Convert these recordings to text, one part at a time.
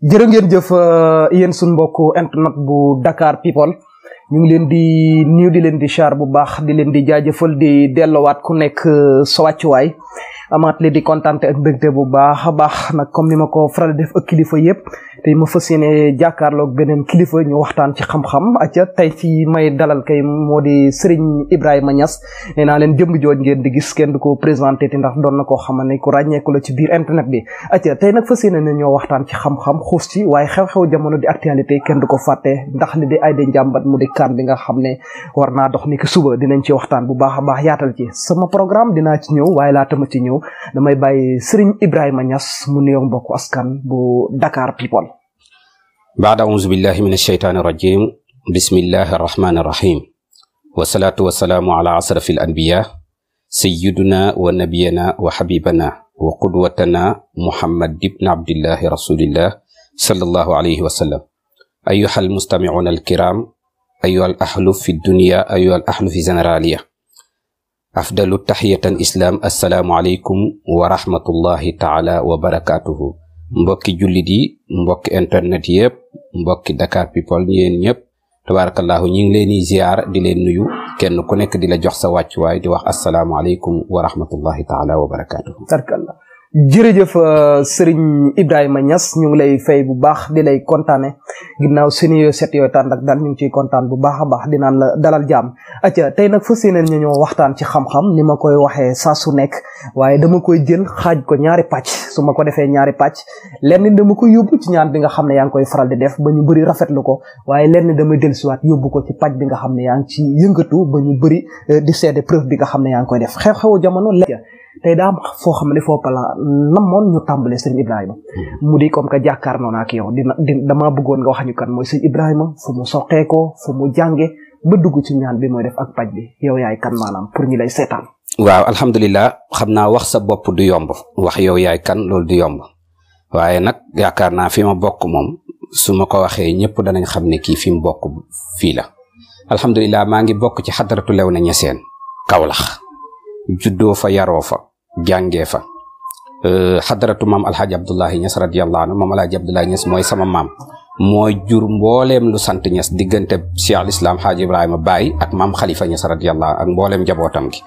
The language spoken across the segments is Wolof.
jërë ngeen jëf euh, yéen suñ mbokk internet bu Dakar People ñu ngi leen di nuyu di leen di char bu baax di leen di jaajëfal di dellowaat ku nekk euh, sa wàccuwaay amaat li di kontaan ak mbégte bu baax a baax nag comme ni ma ko faral def kilifa yëpp tey ma fas yéene jàkkaarloog beneen kilifa ñu waxtaan ci xam-xam acca tey ci may dalal kay moo di Serigne Ibrahima Niass nee naa leen jëmb jooj ngeen di gis kenn du ko présenté ti na koo xam ne ku ràññeeku la ci biir internet bi acca tey nag fas yéene ne ñoo waxtaan ci xam-xam xuus waaye xew-xew jamono di actualité kenn du ko fàtte ndax di ay de njàmbat mu di kan bi nga xam ne war naa dox ni ki suba dinañ ci waxtaan bu baax a baax yaatal ci sama programme dinaa ci ñëw laata ma ci ñëw damay bàyyi Serigne Ibrahima ñas mu nuyoo mbokk askan bu Dakar People baada auzu billahi min alsheytaan irrajim bismillahi arrahmani irrahim wasalaatu wasalaamu ala asrafi alanbiya sayiduna wa nabiyana wa xabibana wa qudwatana muhammad ibn abdillahi rasulillah sallallahu alayhi wa sallam ayuha almustamicuuna alkiram ayuha al ahlu fi dunia ayuha al ahlu fi généralia afdalu taxiyatan islaam assalaamu aleykum wa rahmatullahi taala wa barakatuhu mbokki jullit yi mbokki internet yëpp mbokki Dakar people yéen ñëpp tabaarakallaahu ñi ngi leen di ziar di leen nuyu kenn ku nekk di la jox sa wàccuwaay di wax asalaamaaleykum wa rahmatullahi taala wa barakaatu. tarkalla jërëjëf euh, Serigne Ibrahima ñas ñu ngi lay fay bu baax di lay kontaane ginnaaw seni yoo set yooyu tànd ak dal ñu ngi ciy kontaan bu baax a baax dinaan la dalal jàmm acca tey nag fas yéeneen ñu ñoo waxtaan ci xam-xam ni ma koy waxee saa su nekk waaye dama koy jël xaaj ko ñaari pàcc su ma ko defee ñaari pàcc lenn dama ko yóbbu ci ñaan bi nga xam ne yaa ngi koy faral di def ba ñu bëri rafetlu ko waaye lenn dama dellusiwaat yóbbu ko ci pàcc bi nga xam ne yaa ngi ci yëngatu ba ñu bëri eh, di seede preuve bi nga xam ne yaa ngi koy def xew-xewu jamono tey daa am foo xam ne foofu la namoon ñu tàmbalee sëñ Ibrahima. mu di comme que jàkkaarloo naa ak yow dina dina damaa bëggoon nga wax ñu kan mooy sëñ Ibrahima fu mu soqeekoo fu mu jànge ba dugg ci ñaan bi mooy def ak paj bi yow yaay kan maanaam pour ñi lay seetaan. waaw alhamdulilah xam naa wax sa bopp du yomb wax yow yaay kan loolu du yomb waaye nag yaakaar naa fi ma bokk moom su ma ko waxee ñëpp danañ xam ne kii fi mu bokk fii la. alhamdulilah maa ngi bokk ci xadaratu lew na ñeseen Kawlax juddoo fa yaroo fa jàngee fa euh, xadaratu maam alxaaji abdullahi ñes radiallahu anhu maam alxaaji abdullahi ñes mooy sama maam mooy jur mboolem lu sant ñes diggante cheikh al islam xaaji ibrahima baay ak maam xalifa ñes radiallahu ak mbooleem njabootam gi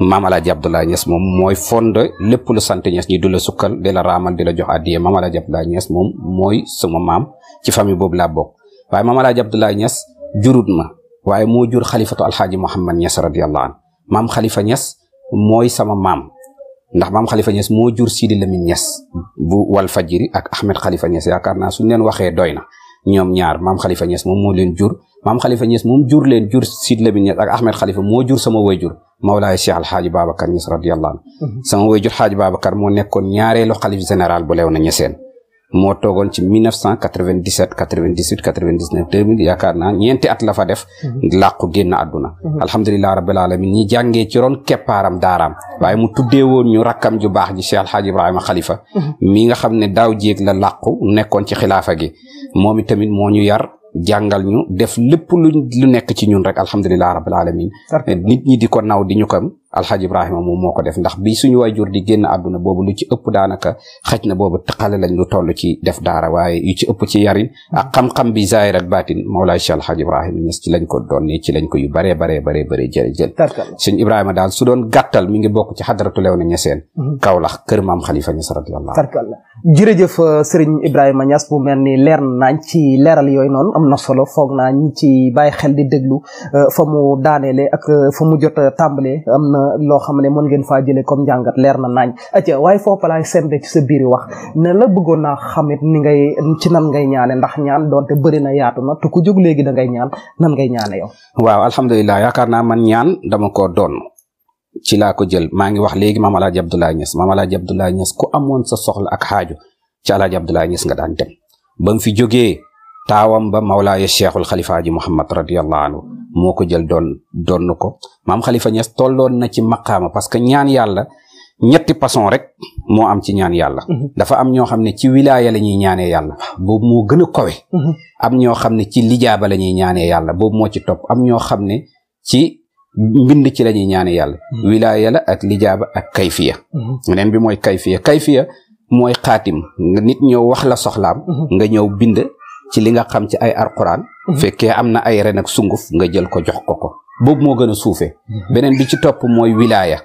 maam alaaji abdoulaye ñes moom mooy fonde lépp lu sant ñes ñi du la sukkal di la raamal di la jox addiye maam alaaji abdoulaye ñes moom mooy suma maam ci famille boobu laa bokk waaye maam alaaji abdoulaye ñes jurut ma waaye moo jur xalifatu alxaaji muhammad ñes radiallahu an maam xalifa ñes mooy sama maam ndax maam xalifa Niass moo jur Sidi Lamine Niass bu wal fajiri ak Ahmed Khalifa Niass yaakaar naa suñ leen waxee doy na ñoom ñaar maam Khalifa Niass moom moo leen jur maam Khalifa Niass moom jur leen jur Sidi Lamine Niass ak Ahmed Khalifa moo jur sama wayjur Mawlaay Cheikh Alxaaji Babacar Niass radiyallahu anhu mhm. sama wayjur Xaaji Babacar moo nekkoon ñaareelu xalif général bo lew na ñeseen moo toogoon ci 1997 98 99 2000 yaakaar naa ñeenti at la fa def mhm. làqu génn àdduna mhm. alhamdulilah rabbil alamin ñi jàngee ci roon keppaaram daaraam mhm. waaye mu tuddee woon ñu rakkam ju baax ji Cheikh Alhaaji Ibrahima Khalifa mii nga xam ne daaw jéeg la làqu nekkoon ci xilaafa gi moom i tamit moo ñu yar jàngal ñu def lépp lu lu nekk ci ñun rek alhamdulilah rabbil alamin nit ñi di ko naw di ñu kam alxaaj Ibrahima moom moo ko def ndax bi suñu waajur di génn àdduna boobu lu ci ëpp daanaka xaj na boobu taxale lañ lu toll ci def daara waaye yu ci ëpp ci yarin ak xam-xam bi zaahir ak baatin Mawlaay Cheikh alxaaj Ibrahima ñes ci lañ ko doon ni ci lañ ko yu baree baree baree baree jël jël suñ Ibrahima daal su doon gàttal mi ngi bokk ci xadaratu lew na ñeseen mm-hmm. Kawlax kër maam Xalifa ñes radiyallahu jërëjëf euh, Serigne Ibrahima Niass mu mel ni leer na naañ ci leeral yooyu noonu am na solo foog naa ci bàyyi xel di déglu euh, fa mu daaneele ak euh, fa mu jot a am na loo xam ne moon ngeen faa jëlee comme njàngat leer na nañ atia waaye foofu laay sembe ci sa biir wax ne la bëggoon naa xamit ni ngay ci nan ngay ñaane ndax ñaan donte bëri na yaatu na te ku jóg léegi da ngay ñaan nan ngay ñaane yow. waaw alhamdulilah yaakaar naa man ñaan dama ko doon. ci laa ko jël maa ngi wax léegi maam Alaaji Abdoulaye Niass maam Alaaji Abdoulaye Niass ku amoon sa soxla ak xaaju ci Alaaji Abdoulaye Niass nga daan dem ba mu fi jógee taawam ba Mawlaaya Cheikhul Xalifa Aji Muhammad radiyallahu anhu moo ko jël doon doon ko maam Khalifa Niass tolloon na ci maqaama parce que ñaan yàlla ñetti façon rek moo am ci ñaan yàlla. Mhm. dafa am ñoo xam ne ci wilaaya la ñuy ñaanee yàlla. boobu moo gën a kowe. Mhm. am ñoo xam ne ci lijaaba la ñuy ñaanee yàlla boobu moo ci topp am ñoo xam ne mbind ci la ñuy ñaane yàlla hmm. wilaaya la ak lijaaba ak kayfiya hmm. beneen bi mooy kayfiya kayfiya mooy xaatim nit ñëw wax la soxlaam hmm. nga ñëw bind ci li nga xam ci ay alquran fekkee am na ay ren ak sunguf nga jël ko jox ko ko boobu moo gën a suufee beneen bi ci topp mooy wilaaya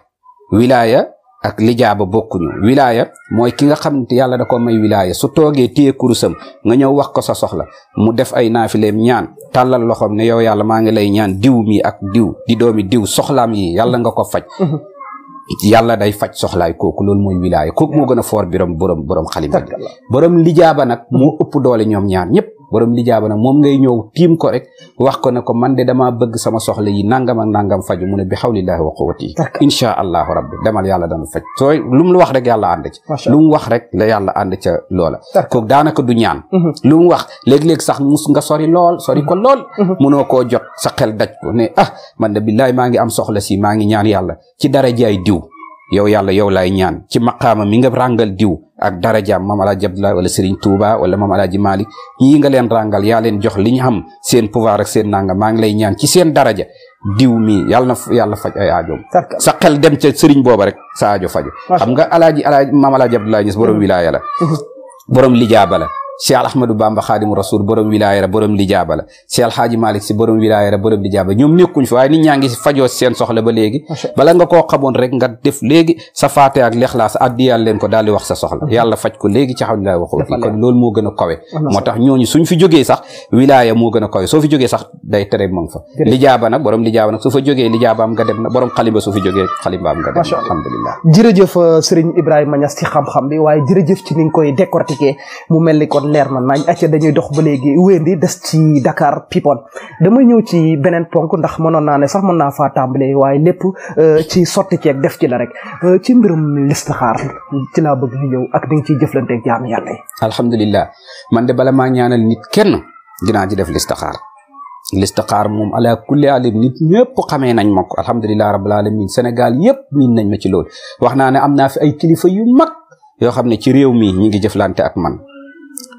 wilaaya ak lijaaba bokkuñu wilaaya mooy ki nga xam ne yàlla da ko may wilaaya su toogee téye kurusam nga ñëw wax ko sa soxla mu def ay naafileem ñaan tàllal loxoom ne yow yàlla maa ngi lay ñaan diw mi ak diw di doomi diw soxlaam yi yàlla nga ko faj mhm. yàlla day faj soxlaay kooku loolu mooy wilaaya kooku moo gën a foor birom borom borom xalima bi borom lijaaba nag moo ëpp doole ñoom ñaan ñëpp borom lijaaba nag moom ngay ñëw tiim ko rek wax ko na ko man de damaa bëgg sama soxla yi nangam ak nangam faju mu ne bi xawlillaahi wa quwwati insha allahu rabbi damal yàlla dana faj sooy lu mu wax rek yàlla ànd ci lu mu wax rek la yàlla ànd ca loola ko daanaka du ñaan mhm. lu mu wax léeg-léeg sax mus nga sori lool sori ko mhm. lool mhm. munoo koo jot sa xel daj ko ne ah man de billaahi maa ngi am soxla si maa ngi ñaan yàlla ci dara jaay diw yow yàlla yow laay ñaan ci maqaama mi nga rangal diw ak darajaam maam alaaji Abdoulaye wala Serigne Touba wala maam alaaji Malick ñii nga leen rangal yaa leen jox li ñu xam seen pouvoir ak seen nanga maa ngi lay ñaan ci seen daraja diw mi yàlla na yàlla faj ay aajoom sa xel dem ca Serigne booba rek sa aajo faju xam nga alaaji alaaji maam alaaji Abdoulaye Niass borom mm-hmm. wilaaya la mm-hmm. boroom lijaaba bala cheikh ahmadou bamba xaadimu rasul borom wilaaya la borom lijaaba la alhaaji malik si borom wilaaya la borom lijaaba ñoom nekkuñ fi waaye nit ñaa ngi si fajoo seen soxla ba léegi bala nga koo xamoon rek nga def léegi sa faate ak lexlaas addiyal leen ko daal di a a borom lijaaba nag fa jógee lijaabaam nga dem na borom xalimba su fi jógee xalimbaam nga dem alhamdulilah jërëjëf euh, sëriñ ibrahima ñas ci xam-xam bi waaye jërëjëf ci ni nga koy décortiquer mu mel leer na nañ acca dañuy dox ba léegi wéndi des ci Dakar People dama ñëw ci beneen ponk ndax mënoon naa ne sax mën naa faa tàmbalee waaye lépp euh, ci sotti ceeg def ci la rek euh, ci mbirum listixaar ci laa bëgg ñu ñëw ak di nga ciy jëflanteeg jaamu yàlla yi man de bala maa ñaanal nit kenn dinaa ci def listixaar listixaar moom ala kulli nit ñëpp xamee nañ ma ko alhamdulilah rabbil alamin senegal yëpp miin nañ ma ci loolu wax naa ne am naa fi ay kilifa yu mag yoo xam ne ci réew mi ñi ngi jëflante ak man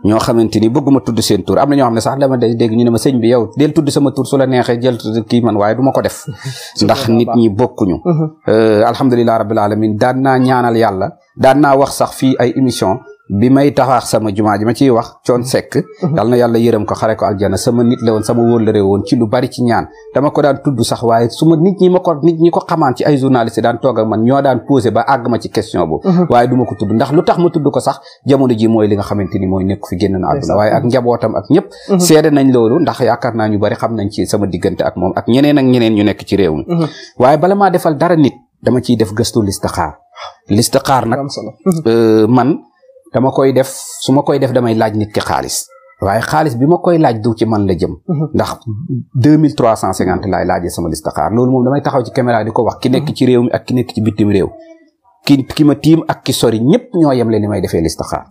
ñoo xamante ni bëgguma tudd seen tur am na ñoo xam ne sax dama dégg ñu ne ma sëñ bi yow del tudd sama tur su la neexee jel kii man waaye du ma ko def ndax nit ñi bokkuñu uh-huh. euh, alhamdulilah rabbil alamin daan naa ñaanal yàlla daan naa wax sax fii ay émission bi may taxaax sama jumaa ji ma ciy wax coon sekk mhm. yal na ko xare ko aljana sama nit la woon sama wóllëre woon ci lu bari ci ñaan dama ko daan tudd sax waaye su nit ñi ko xamaan ci ay journaliste daan toog man ñoo daan ba àgg ma ci question boobu mhm. waaye du ma ko tudd ndax lu tax ma tudd ko sax jamono ji mooy li nga mooy nekk fi génn na àdduna waaye ak njabootam ak ñëpp mhm. seede nañ loolu ndax yaakaar naa bari xam nañ ci sama diggante dama koy def su ma koy def damay laaj nit ki xaalis waaye xaalis bi ma koy laaj du ci man la jëm. Mhm. ndax deux mille trois cent cinquante laay laajee sama loolu moom damay taxaw ci caméra di ko wax ki nekk mhm. ci réew mi ak ki nekk ci bitim réew. ki tiim ak ki sori ñëpp ñoo yem leen ni may defee listixaar.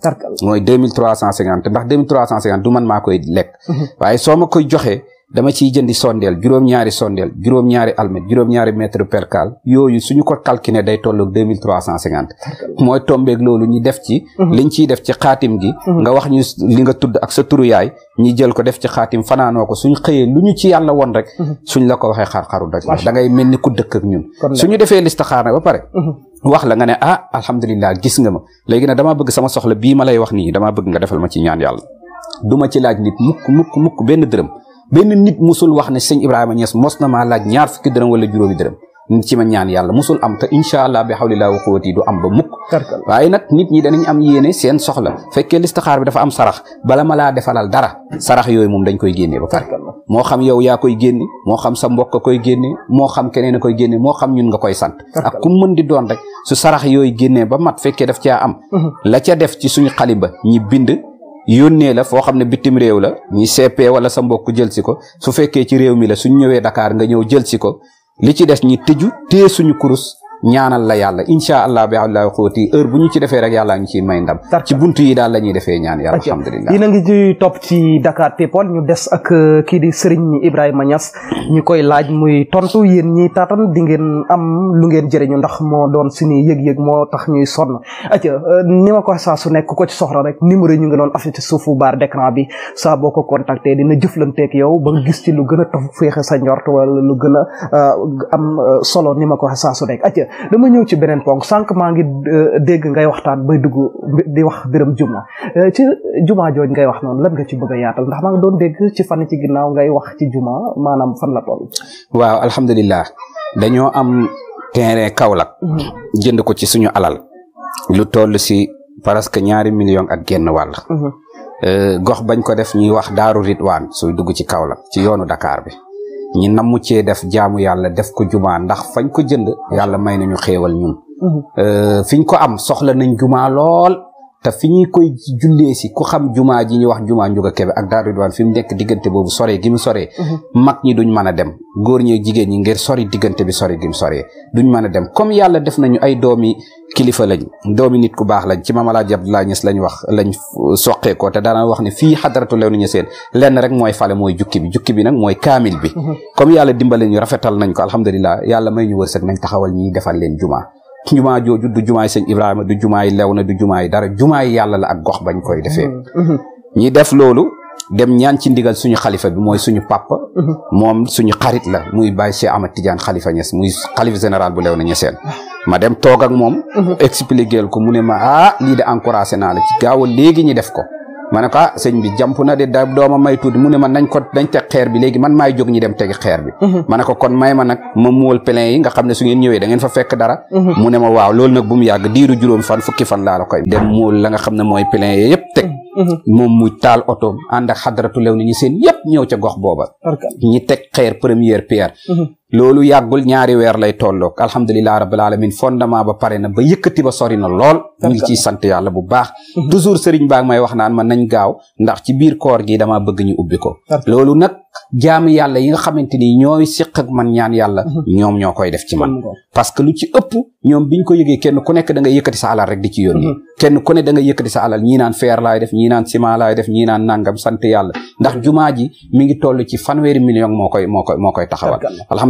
mooy deux mille trois cent cinquante ndax deux mille du man maa koy lekk. Mhm. waaye soo ma koy joxee. dama ciy jëndi sondeel juróom-ñaari sondeel juróom-ñaari almet juróom-ñaari mètre percale yooyu suñu ko calculé day tolloog deux mille trois cent cinquante mooy tombeeg loolu ñu def ci mhm. liñ ciy def ci xaatim gi mhm. nga wax ñu li nga tudd ak sa turu yaay ñi jël ko def ci xaatim fanaanoo ko suñ xëyee lu ñu ci yàlla woon rek mhm. suñ la ko waxee xar-xaru daj da ngay mel ni ku dëkk ak ñun suñu defee listixaar na ba pare wax la nga ne ah alhamdulilah gis nga ma léegi nag damaa bëgg sama soxla bii ma lay wax nii damaa bëgg nga defal ma ci ñaan yàlla duma ci laaj nit mukk mukk mukk benn dërëm benn nit musul wax ne sëñ Ibrahima Niass mos na maa laaj ñaar fukki dërëm wala juróomi dërëm ci ma ñaan yàlla musul am te incha allah bi xawlilaa wa quwwati du am ba mukk waaye nag nit ñi danañ am yéene seen soxla fekkee listixaar bi dafa am sarax bala ma laa defalal dara sarax yooyu moom dañ koy génnee ba pare moo xam yow yaa koy génne moo xam sa mbokk a koy génne moo xam keneen a koy génne moo xam ñun nga koy sant a ku di doon rek su sarax yooyu génnee ba mat fekkee daf caa am la ca def ci suñu xalimba ñi bind yónnee la foo xam ne bitim réew la ñuy CP wala sa mbokk jël si ko su fekkee ci réew mi la suñ ñëwee ndakaar nga ñëw jël si ko li ci des ñi tëju tée suñu kurus ñaanal la yàlla incha allah bi allah xóoti heure bu ñu ci defee rek yàlla ngi ciy may ndam ci buntu yi daal la ñuy defee ñaan yàlla alhamdulilah dina ngi ci topp ci Dakar People ñu des ak euh, kii di Serigne Ibrahima Niass ñu koy laaj muy tontu yéen ñi taatan di ngeen am lu ngeen ñu ndax moo doon suñu yëg-yëg moo tax ñuy sonn aca euh, ni ma ko saa su nekk ko ci soxla rek numéro ñu ngi doon affiché suufu baar d'écran bi saa boo ko contacté dina jëflanteeg yow ba gis ci lu gën a taf féexe sa njort wala lu gën a euh, am solo ni ma ko saa jigéen dama ñëw ci beneen ponk sànq maa ngi euh, dégg ngay waxtaan bay dugg di wax mbiram juma euh, ci juma jooj ngay wax noon lan nga ci bëgg a yaatal ndax maa ngi doon dégg ci fan ci ginnaaw ngay wax ci juma maanaam fan la toll. waaw alhamdulilah dañoo am terrain Kaolack. Mhm. jënd ko ci suñu alal. lu toll si presque ñaari million ak genn wàll. Mhm. Euh, gox bañ ko def ñuy wax daaru Ridwaan suy dugg ci Kaolack ci yoonu dakaar bi. ñi namm cee def jaamu yàlla def ko jumaa ndax fañ ko jënd yàlla may nañu xéewal ñun mhm. euh, fiñ ko am soxla nañ jumaa lool te fi ñuy koy jullee si ku xam jumaa ji ñu wax jumaa Ndiouga Kébé ak Daaru Ridwaan fi mu nekk diggante boobu sore gi mu mhm. mag ñi duñ mën a dem góor ñi jigéen ñi ngir sori diggante bi sore gi mu soree duñ mën a dem comme yàlla def nañu ay doomi kilifa lañ doomi nit ku baax lañ ci Maam Alaaji Abdoulaye Niass lañ wax lañ soqee ko te daana wax ne fii xadaratu Léona Niassène lenn rek mooy fale mooy jukki bi jukki bi nag mooy kaamil bi mhm. comme yàlla dimbale ñu rafetal nañ ko alhamdulilah yàlla may ñu wërsëg nañ taxawal ñiy defal leen jumaa jooju du jumaay seen Ibrahima du jumaay lew na du yi dara jumaay yàlla la ak gox bañ koy defee. ñi def loolu dem ñaan ci ndigal suñu xalifa bi mooy suñu papa. moom suñu xarit la muy Baye Cheikh Ahmad Tidiane xalifa ñes muy xalifa général bu lew na ñeseen. ma dem toog ak moom. expliquer ko mu ne ma ah lii de encouragé naa la ci gaaw léegi ñi def ko. ma ne ko ah sëñ bi jàmp na de da dooma may tuuti mu ne ma nañ ko nañ teg xeer bi léegi man maay jóg ñi dem teg xeer bi mhm. ma ne ko kon may ma nag ma muwal pelin yi nga xam ne su ngeen ñëwee da ngeen fa fekk dara mhm. mu ne ma waaw loolu nag bu mu yàgg diiru juróom fan fukki fan laa koy dem muwal la nga xam ne mooy pelin yi yëpp teg mhm. moom mu taal oto ànd ak xadaratu lew ni ñu seen yëpp ñëw ca gox booba ñi teg xeer première pierre loolu yàggul ñaari weer lay tolloog alhamdulilah rabbil alamin fondement ba pare na ba yëkkati ba sori na lool ñu ngi ciy sant yàlla bu baax toujours sëriñ baa may wax naan ma nañ gaaw ndax ci biir koor gi dama bëgg ñu ubbi ko loolu nag jaam yàlla yi nga xamante ni ñooy siq ak man ñaan yàlla mhm. ñoom ñoo koy def ci man parce que lu ci ëpp ñoom biñ ko yëgee kenn ku nekk da nga yëkkati sa alal rek di ci yónni mhm. kenn ku ne da nga yëkkati sa alal ñii naan feer laay def ñii naan ciment laay def ñii naan nangam sant yàlla ndax jumaa ji mi ngi toll ci fanweeri million moo koy moo koy moo koy taxawal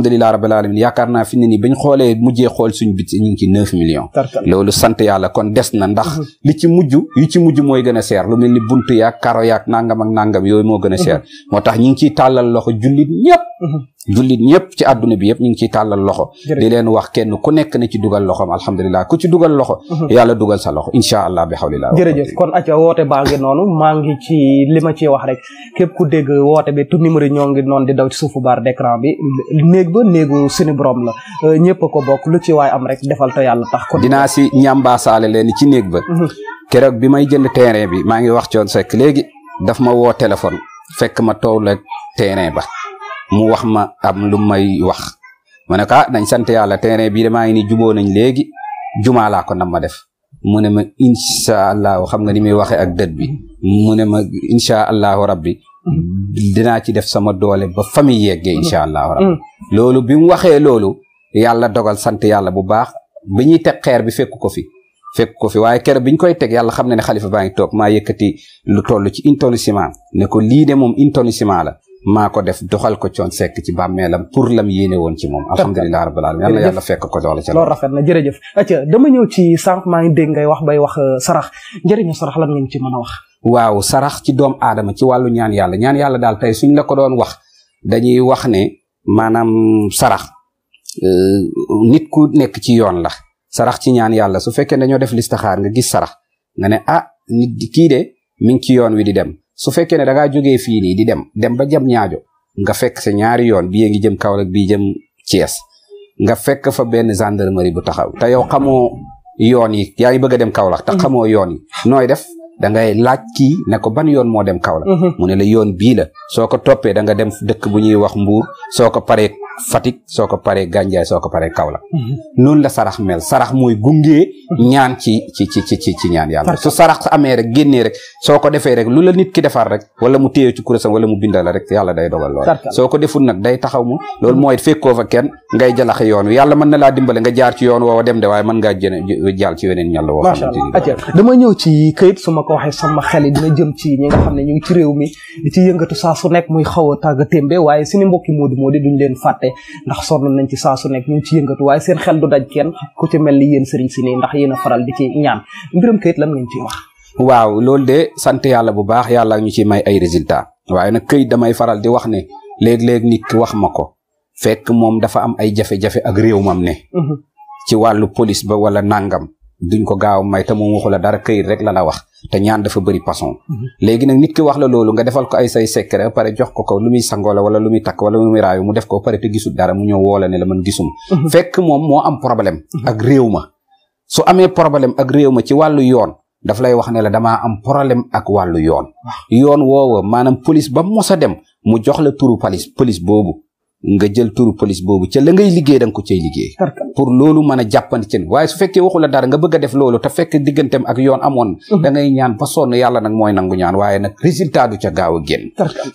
alhamdulilah rabbil alamin yaakaar naa fi ne nii bañ xoolee mujjee xool suñ bit ñu ngi ci neuf millions loolu sant yàlla kon des na ndax mhm. li ci mujj yu ci mujj mooy gën a seer lu mel ni buntu yaag karo yaag nangam ak nangam yooyu moo gën a seer mhm. moo tax ñu ngi ciy tàllal loxo jullit ñëpp Mm-hmm. jullit ñëpp ci àdduna bi yëpp ñu ngi ciy tàllal loxo di leen wax kenn ku nekk na ci dugal loxoom alhamdulilah ku ci dugal loxo mm-hmm. yàlla dugal sa loxo incha allah bi xawlilaa jërëjëf kon acca woote baa noonu maa ngi ci li ma ciy wax rek képp ku dégg woote bi tu numéro ñoo ngi noonu di daw ci suufu baar d'écran bi néeg ba néegu suñu borom la euh, ñëpp ko bokk lu ci waay am rek defal te yàlla tax kon dinaa si ñambaasaale leen ci néeg ba mm-hmm. keroog bi may jënd terrain bi maa ngi wax coon sekk léegi daf ma woo téléphone fekk ma toog la terrain ba mu wax ma am lu may wax ma ne ko ah nañ sant yàlla terrain bii damaa ngi ni juboo nañ léegi jumaa ko nam ma def mu ne ma incha allahu xam nga ni muy waxee ak dët bi mu ne ma incha allahu rabbi dinaa ci def sama doole ba famille yeggee incha allahu rabbi loolu bi mu waxee loolu yàlla dogal sant yàlla bu baax bi ñuy teg xeer bi fekk ko fi fekk ko fi waaye keroog bi ñu koy teg yàlla xam ne ne xalifa baa ngi toog maa yëkkati lu toll ci une tonne ciment ne lii de moom une la maa ko def doxal ko coon sekk ci bàmmeelam pour lam yéene woon ci moom alhamdulilah rabbil alamin yàlla yàlla fekk ko doole ca loolu rafet na jërëjëf acca dama ñëw ci sànq maa ngi dégg ngay wax bay wax euh, sarax njëriñu sarax lan ngeen ci mën a wax waaw sarax ci doom aadama ci wàllu ñaan yàlla ñaan yàlla daal tey suñ la ko doon wax dañuy wax ne maanaam sarax euh, nit ku nekk ci yoon la sarax ci ñaan yàlla su fekkee dañoo def listaxaar nga gis sarax nga ne ah nit kii de mi ngi ci yoon wi di dem su fekkee ne da ngaa jógee fii nii di dem dem ba jam ñaajo nga fekk sa ñaari yoon bii ngi jëm Kaolack bii jëm Thiès nga fekk fa benn gendarmerie bu taxaw te yow xamoo yoon yi yaa ngi bëgg a dem Kaolack te mm. xamoo yoon yi nooy def da ngay laaj kii ne ko ban yoon moo dem Kaolack mhm. mu ne la yoon bii la soo ko toppee da nga dem dëkk bu ñuy wax Mbuur soo ko paree Fatick soo ko paree Gandiaye soo ko paree Kaolack mhm. noonu la sarax mel sarax mooy gungee mhm. ñaan ci ci ci ci ci ñaan yàlla su sarax amee rek génnee rek soo ko defee rek lu la nit ki defar rek wala mu téye ci kure kurésam wala mu binda la rek yàlla day dogal lool soo ko deful nag day taxaw mu loolu mooy fekkoo fa kenn ngay jalaxe yoon yàlla mën na laa dimbale nga jaar ci yoon woowa dem de waaye mën ngaa jëne jàll weneen ñàll woo xamante ko waxee sama xel dina jëm ci ñi nga xam ne ñu ngi ci réew mi di ci yëngatu saa su nekk muy xaw a tàgga témbe waaye suñu mbokki Modou Modou duñ leen fàtte ndax sonn nañ ci saa su nekk ñu ngi ci yëngatu waaye seen xel du daj kenn ku ci mel ni yéen sëriñ si ni ndax yéen a faral di ci ñaan mbiram kayit lan ñu ciy wax waaw loolu de sant yàlla bu baax yàlla ñu ci may ay résultat waaye nag këyit damay faral di wax ne léeg-léeg nit wax ma ko fekk moom dafa am ay jafe-jafe ak réew mam ne mhm. ci wàllu police ba wala nangam duñ ko gaaw may te moom waxu la dara kayit rek la la wax te ñaan dafa bëri façon mhm. léegi nag nit ki wax la loolu nga defal ko ay say secret pare jox ko ko lu muy sangoo la wala lu muy takk wala lu muy raayu mu def ko pare te gisul dara mu ñëw woo la ne la man gisum mhm. fekk moom moo am problème mhm. ak réew ma su amee problème ak réew ma ci wàllu yoon daf lay wax ne la damaa am problème ak wàllu yoon yoon woowa maanaam police ba mos a dem mu jox la turu police police boobu nga jël turu police boobu ca la ngay liggéey da nga ko cay liggéey pour loolu mën a jàppandi ci waaye su fekkee waxu la dara nga bëgg def loolu te fekk digganteem ak yoon amoon mhm. da ngay ñaan ba sonn yàlla nag mooy nangu ñaan waaye nag résultat du ca gaaw a génn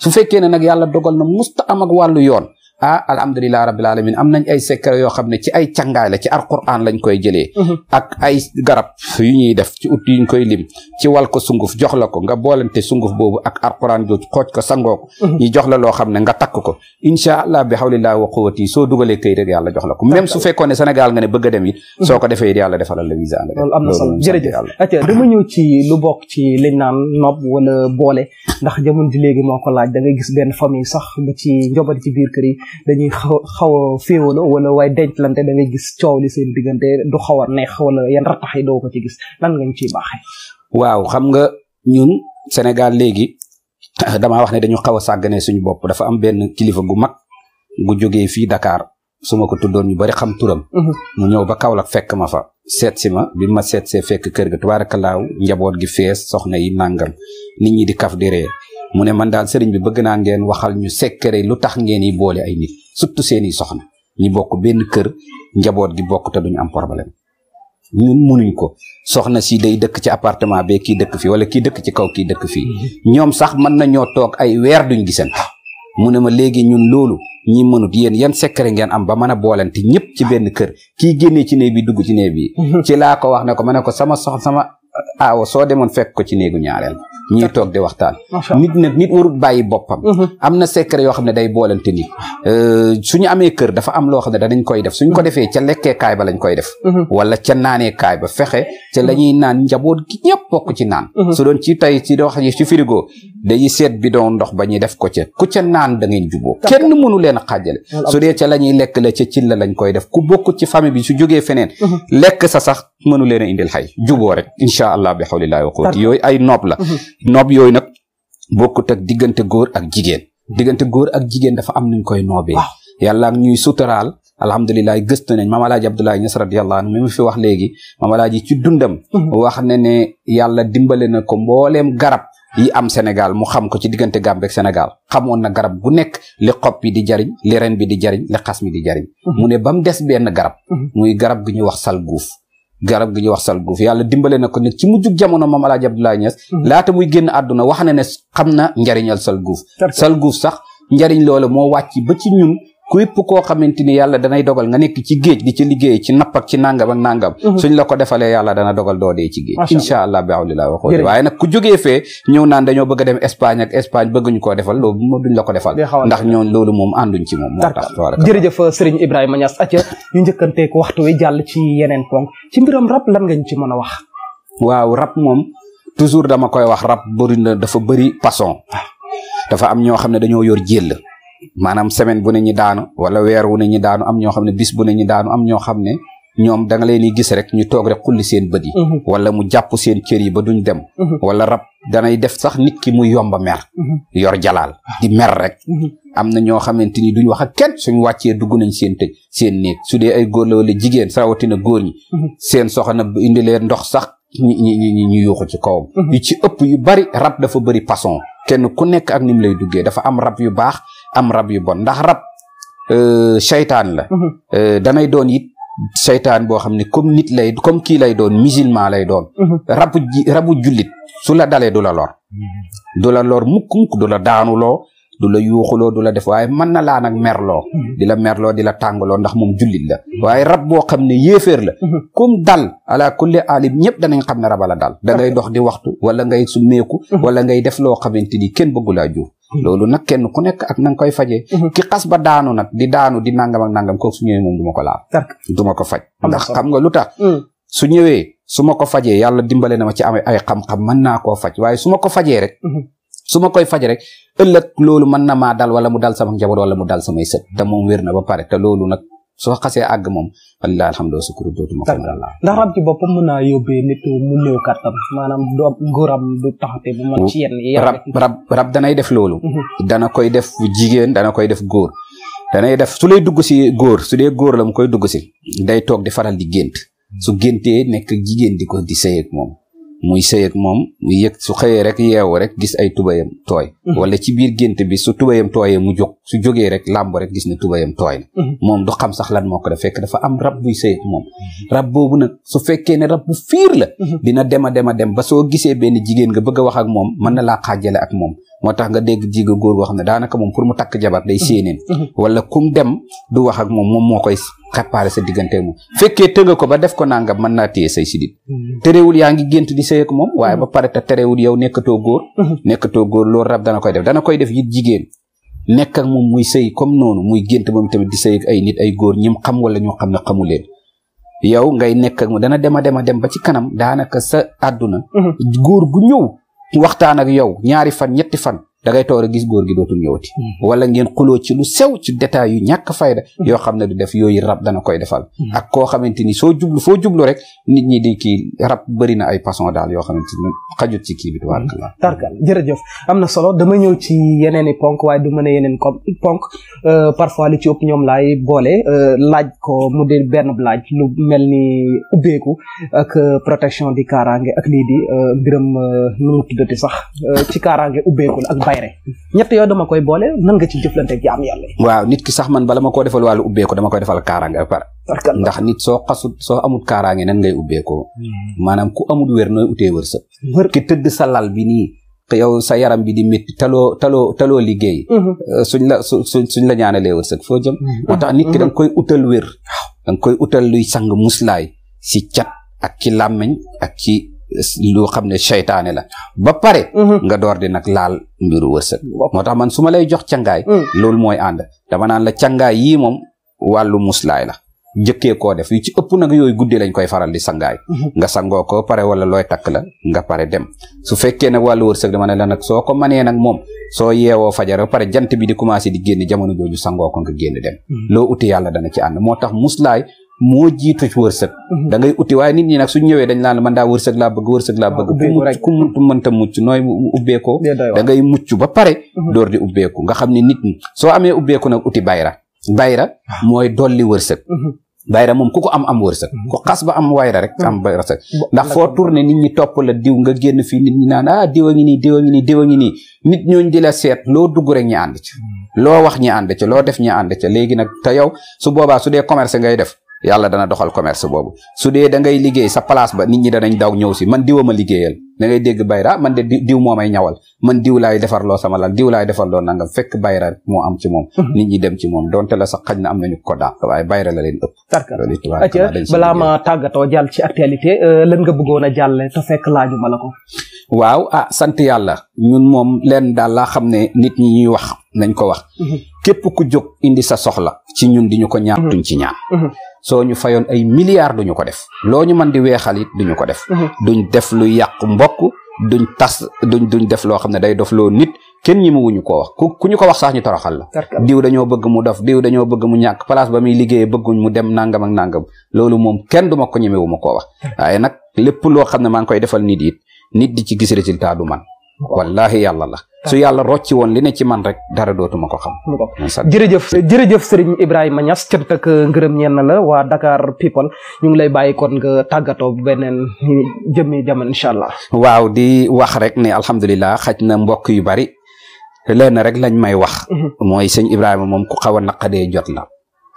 su fekkee ne nag yàlla dogal na musta am ak wàllu yoon ah alhamdulilah rabbil alamin am nañ ay secret yoo xam ne ci ay cangaay la ci alquran lañ koy jëlee mhm. ak ay garab yu ñuy def ci ut yuñ koy lim ci wal ko sunguf jox la ko nga boolante sunguf boobu ak alquran jooju xooj ko sangook ko mhm. ñu jox la loo xam ne nga takk ko incha allah bi hawlillahi wa quwwati soo dugalee këyit rek yàlla jox la ko même su fekkoon ne Sénégal nga ne bëgg a dem it mhm. soo ko defee it yàlla defalal la visa am na solo jërëjëf atia dama ñëw lu bokk ci liñ naan nopp wala boole ndax jamono ji léegi moo laaj da ngay gis benn famille sax ba ci njaboot ci biir kër yi dañuy xaw xaw a féewaloo wala waaye denclante da ngay gis coow li seen diggante du xaw a neex wala yan rattax ci gis lan nga ñu ciy waaw xam nga ñun Sénégal léegi dama wax ne dañu xaw a sàggane suñu bopp dafa am benn kilifa gu mag gu jógee fii Dakar suma ko tuddoon ñu bari xam turam. Mhm. mu ñëw ba Kaolack fekk ma fa. seet si ma bi ma seet see fekk kër ga tubaarakalaaw njaboot gi fees soxna yi nàngam nit ñi di kaf mu ne man daal sëriñ bi bëgg naa ngeen waxal ñu sekkere lu tax ngeen yi boole ay nit surtout seeni soxna ñi bokk benn kër njaboot gi bokk te duñu am problème ñun munuñ ko soxna si day dëkk ci apartement bee kii dëkk fii wala kii dëkk ci kaw kii dëkk fii ñoom sax mën ñoo toog ay weer duñ gisante mu ne ma léegi ñun loolu ñi mënut yéen yan secret ngeen am ba mën a boolante ñëpp ci benn kër kii génnee ci néeg bi dugg ci néeg bi. Mm-hmm. ci laa ko wax ne ko ma ne Ah, aawo soo demoon fekk ko ci néegu ñaareel ñii toog di waxtaan nit nag nit warut boppam mm-hmm. am na secret yoo xam ne day boolante nit euh, suñu amee kër dafa am loo xam ne da danañ koy def suñ ko mm-hmm. defee ca lekkee kaay ba lañ koy def mm-hmm. wala ca naanee kaay ba fexe ca la ñuy naan njaboot gi ñëpp bokk ci naan su doon ci tey ci dox yi ci frigo dañuy seet bidon ndox ba ñuy def ko ca ku ca naan da ngeen juboo kenn mënu leen xaajale su dee ca la ñuy lekk la ca cin la lañ koy def ku bokk ci famille bi su jógee feneen lekk sa mënu leen a indil xay juboo rek incha allah bi xawlillahi wa quwwati yooyu ay noob la mhm. noob yooyu nag bokkut ak diggante góor ak jigéen diggante góor ak jigéen dafa am nuñ koy noobee yàlla ak ñuy suturaal alhamdulilah gëstu nañ maam alaaji abdoulaye ñas radiallahu anhu mi mu fi wax léegi maam alaaji ci dundam mhm. wax ne ne yàlla dimbale na ko mbooleem garab yi am sénégal mu xam ko ci diggante Gambie ak sénégal xamoon na garab gu nekk li xob bi di jariñ li ren bi di jariñ li xas mi di jariñ mhm. mu ne ba mu des benn garab muy garab gi ñuy wax sal guuf garab gi ñuy wax sal duuf yàlla dimbale na ko nag ci mujjug jamono moom alaaji Abdoulaye Niass mhm. laata muy génn àdduna wax na ne xam na njariñal sal duuf sal duuf sax njariñ loola moo wàcc ba ci ñun képp koo xamante ni yàlla danay dogal nga nekk ci géej di ci liggéey ci nappa ci nàngam ak nàngam mhm. suñ la ko defalee yàlla dana dogal doo ci géej incha allah bi awlilaa waaye nag ku jógee fee ñëw naan dañoo bëgg a dem Espagne ak koo defal loolu duñ la ko defal ndax ñoo loolu moom ànduñ ci moom moo tax jërëjëf sëriñ Ibrahima Niass aca ñu njëkkanteeku waxtu wi jàll ci yeneen ponk ci mbiram rab lan ngañ ci mën a wax waaw rab moom toujours dama koy wax rab bëri na dafa bëri façon dafa am ñoo xam ne dañoo yor jël maanaam semaine bu ne ñi daanu wala weer wu ne ñi daanu am ñoo xam ne bis bu ne ñi daanu am ñoo xam ne ñoom danga nga leen di gis rek ñu toog rek xulli seen bët yi mhm. wala mu jàpp seen cër yi ba duñ dem mhm. wala rab danay def sax nit ki mu yomba mer mhm. yor jalaal di mer rek am na ñoo xamante ni duñ wax ak kenn suñu wàccee dugg nañ seen tëj seen néeg su dee ay góor la wala jigéen rawatina góor ñi seen soxna indi leen ndox sax ñi ñi ñi ci kawam yu ci ëpp yu bari rab dafa bëri façon kenn ku nekk ak ni mu lay duggee dafa am rab yu baax am rab yu bon ndax rab euh, seytaan la mhm. euh, danay doon it seytaan boo xam ne comme nit lay comme kii lay doon musulman lay doon mhm. rabu rabu jullit su la dalee du la lor du la lor mukk mukk du la daanuloo du la yuuxuloo du la def waaye mën na laa nag merloo mhm. di la merloo di la tàngaloo ndax moom jullit la waaye rab boo xam ne yéeféer la comme dal ala kulli alim ñëpp danañ xam ne raba la daal da dox di waxtu wala ngay summeeku wala ngay def loo xamante ni kenn bëggu laa jur loolu nag kenn ku nekk ak na nga koy fajee mhm. ki xas ba daanu nag di daanu di nangam ak nangam ko su ñëwee moom du ma ko laal du ko faj ndax xam nga lu tax hmm. su ñëwee su ma ko fajee yàlla dimbale na ma ci am ay xam-xam mën naa koo faj waaye su ma ko fajee rek mhm. su ma koy faj rek ëllëg loolu mën na maa dal wala mu dal sama njaboot wala mu dal samay sët te moom wér na ba pare te loolu nag soo xasee àgg moom wallaahi alhamdulilah sukuru dootuma ko mën a laal ndax rab ci boppam mën naa yóbbee nit mu néew kattan maanaam du am góoram du taxate bu man ci yenn yi rab danay def loolu mhm. dana koy def jigéen dana koy def góor danay def su lay dugg si góor su dee góor la mu koy dugg si day toog di faral di gént su géntee nekk jigéen di ko di sëy moom muy sëy moom muy yëg su xëyee rek yeewu rek gis ay tubayam tooy mhm. wala ci biir gént bi su tubayam tooyee mu jóg su jógee rek làmb rek gis ne tubayam tooy na mhm. moom du xam sax lan moo ko def fekk dafa am rab buy sëy moom mhm. rab boobu nag su fekkee ne rab bu fiir la dina dem a dem a dem ba soo gisee benn jigéen nga bëgg a wax ak moom mën na laa xaajale ak moom moo tax nga dégg jiga góor wax xam daanaka moom pour mu takk jabar day séeneen mm-hmm. Mm-hmm. wala kum dem du wax ak moom moom moo koy préparé sa diggante moom fekkee tënga ko ba def ko nangam mën naa téye say sidit mm-hmm. terewul yaa ngi gént di sëy ak moom waaye ba pare te terewul yow nekkatoo góor nekkatoo góor rab dana koy def dana koy def it jigéen nekk ak moom muy sëy comme noonu muy gént moom tamit di sëy ay nit ay góor ñim xam wala ñoo xam ne xamu leen yow ngay nekk ak moom dana dem a dem a dem ba ci kanam daanaka sa àdduna góor gu ñëw waxtaan ak yow ñaari fan ñetti fan dangay toog rek gis goor gi dootul ñëwati mm-hmm. wala ngeen xuloo ci lu sew ci détail yu ñàkk fayda mm-hmm. yoo xam ne du def yooyu rab dana koy defal mm-hmm. ak koo xamante ni soo jublu foo jublu rek nit ñi di kii rab bëri na ay façon daal yoo xamante ni xajut ci kii bi tubaarkalla tarkal jërëjëf am na solo dama ñëw ci yeneen i ponk waaye du mën a yeneen ko ponk euh, parfois li ci ñoom laay boole euh, laaj ko mu di benn laaj lu mel ni ubbeeku ak euh, protection di kaaraange ak lii di mbiram nu mu tuddati sax ci kaaraange ubbeeku fayre ñett yooyu dama koy boole nan nga ci jëflante jaam yàlla nit ki sax man bala ma koo defal wàllu ubbeeku dama koy defal kaaraange par ndax nit soo xasut soo amul kaaraange nan ngay ubbeekoo hmm. maanaam ku amul wér nooy utee wër sa ki tëdd sa bi nii yow sa yaram bi di métti taloo taloo taloo liggéey hmm. euh, suñ la su su suñ la ñaanalee wërsëg foo jëm hmm. moo tax nit ki da nga koy utal wér da nga koy utal luy sang muslaay si cat ak ci làmmiñ ak ci lu xam ne seytaane la ba pare mhm. nga door di nag laal mbiru wërsëg moo tax man su ma lay jox cangaay mm. loolu mooy ànd dama naan la cangaay yii moom wàllu muslaay la jëkkee koo def yu ci ëpp nag yooyu guddi lañ koy faral di sangaay mhm. nga sangoo ko pare wala looy takk la nga pare dem su fekkee nag wàllu wërsëg dama ne la nag soo ko manee nag moom soo yeewoo fajara pare jant bi di commencé di génn jamono jooju sangoo ko nga génn dem mm. loo uti yàlla dana ci ànd moo jiitu ci wërsëg mhm. da ngay uti waaye nit ñi nag suñ ñëwee dañ naan man daa wërsëg laa bëgg wërsëg laa bëgg ku ku mënta mucc nooy ubbeekoo da ngay mucc ba pare mhm. door di ubbeeku nga xam ne nit ñi soo amee ubbeeku nag uti bayra bayra ah. mooy dolli wërsëg mhm. bayra moom ku ko am am wërsëg ku xas ba am wayra rek am wërsëg ndax foo tourné nit ñi topp la diw nga génn fii nit ñi naan ah, a ngi nii diw nii diw a ngi nii nit ñooñ di la seet loo dugg rek ñi ànd ci loo wax ñi ànd ci loo def ñi ànd ci léegi nag te yow su boobaa su dee commerce ngay def yàlla dana doxal commerce boobu su dee dangay ngay liggéey sa place ba nit ñi danañ daw ñëw si man diwa ma liggéeyal da ngay dégg bayra man de diw moo ay ñawal man diw laay defarloo sama lal diw laay defarloo nangam fekk bayra moo am ci moom mhm. nit ñi dem ci moom donte la sax xaj na am nañu ko dàq waaye bayra la leen ëpp tarka balaa ma tàggatoo jàll ci actualité euh, lan nga bëggoon a jàlle te fekk laaju ma la ko waaw a ah, sant yàlla ñun moom leen daal laa xam ne nit ñi ñuy wax nañ ko wax mhm. képp ku jóg indi sa soxla ci ñun di ñu ko ñaan mhm. duñ ci ñaan mhm. soo ñu fayoon ay milliards ñu ko def loo ñu mën di weexal it duñu ko def mhm. duñ def lu yàq mbokk duñ tas duñ duñ def loo xam ne day dof loo nit kenn ñi mu wuñu koo wax ku ku ñu ko wax sax ñu toroxal la diw dañoo bëgg mu dof diw dañoo bëgg mu ñàkk place ba muy liggéeyee bëgguñ mu dem nangam ak nangam loolu moom kenn du ma ko ñemewu ma koo wax waaye nag lépp loo xam ne maa ngi koy defal nit it nit di ci gis résultat du man wallahi yàlla la su yàlla rocci woon li ne ci man rek dara dootuma ko xam jërëjëf jërëjëf sëriñ Ibrahima ñas cant ak ngërëm ñeen na la waa Dakar People ñu ngi lay bàyyi kon nga tàggatoo beneen jëmmi jamono incha allah waaw di wax rek ne alhamdulilah xaj na mbokk yu bari lenn rek lañ may wax mhm. mooy sëñ Ibrahima moom ku xaw a naqadee jot la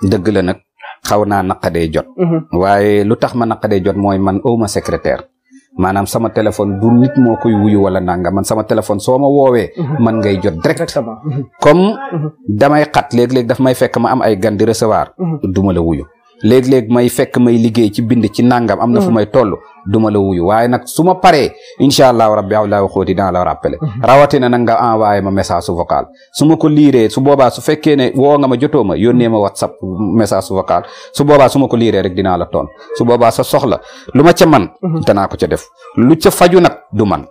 dëgg la nag xaw naa naqadee jot mhm. waaye lu tax ma naqadee jot mooy man awma secrétaire maanaam sama téléphone du nit moo koy wuyu wala nanga man sama téléphone soo ma woowee mhm. man ngay jot direct mhm. comme mhm. damay xat léeg-léeg daf may fekk ma am ay gandi di recevoir du ma la wuyu léeg-léeg may fekk may liggéey ci bind ci nangam am na fu mm. may toll duma la wuyu waaye nag su ma paree incha allahu rabbi aw laa xóoti dana la rappelé mm-hmm. rawatina nag nga envoyé ma message vocal su ma ko liiree su boobaa su fekkee ne woo nga ma jotoo ma yónnee ma whatsapp message vocal su boobaa suma ko liiree rek dinaa la toon su boobaa sa soxla lu ma ca man mm-hmm. danaa ko ca def lu ca faju nag du man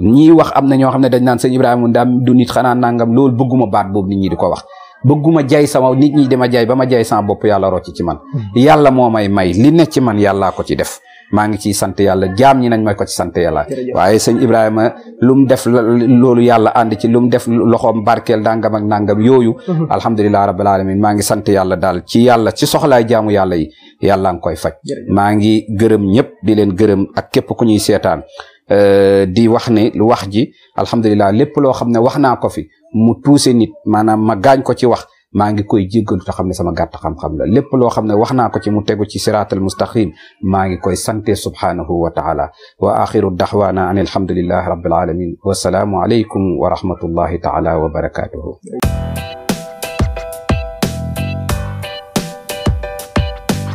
ñii wax am na ñoo xam ne dañ naan sëñ Ibrahima daam du nit xanaa nangam loolu bëgguma baat boobu nit ñi di ko wax bëgguma jaay sama nit ñi dama jaay ba ma jaay sama bopp yàlla rocc ci man hmm. yàlla moo may may li ne ci man yàllaa ko ci def maa ngi ciy sant yàlla jaam ñi nañ ma ko ci sant yàlla waaye sëñ Ibrahima lu mu def loolu yàlla ànd ci lu mu def loxoom barkeel nangam ak nangam yooyu hmm. alhamdulilah rabbil alamin maa ngi sant yàlla daal ci yàlla ci soxlaay jaamu yàlla yi yàlla nga koy faj maa ngi gërëm ñëpp di leen gërëm ak képp ku ñuy seetaan Euh, di wax ne lu wax ji alhamdulilah lépp loo xam ne wax naa ko fi mu tuuse nit maanaam ma gaañ ko ci wax maa ngi koy jéggalu te xam ne sama gàtt xam-xam la lépp loo xam ne wax naa ko ci mu tegu ci siraatal mustaqim maa ngi koy sante subhanahu wa taala wa axiru daxwaana an alhamdulilahi rabbil alamin wasalaamu aleykum wa rahmatullahi taala wa barakatuhu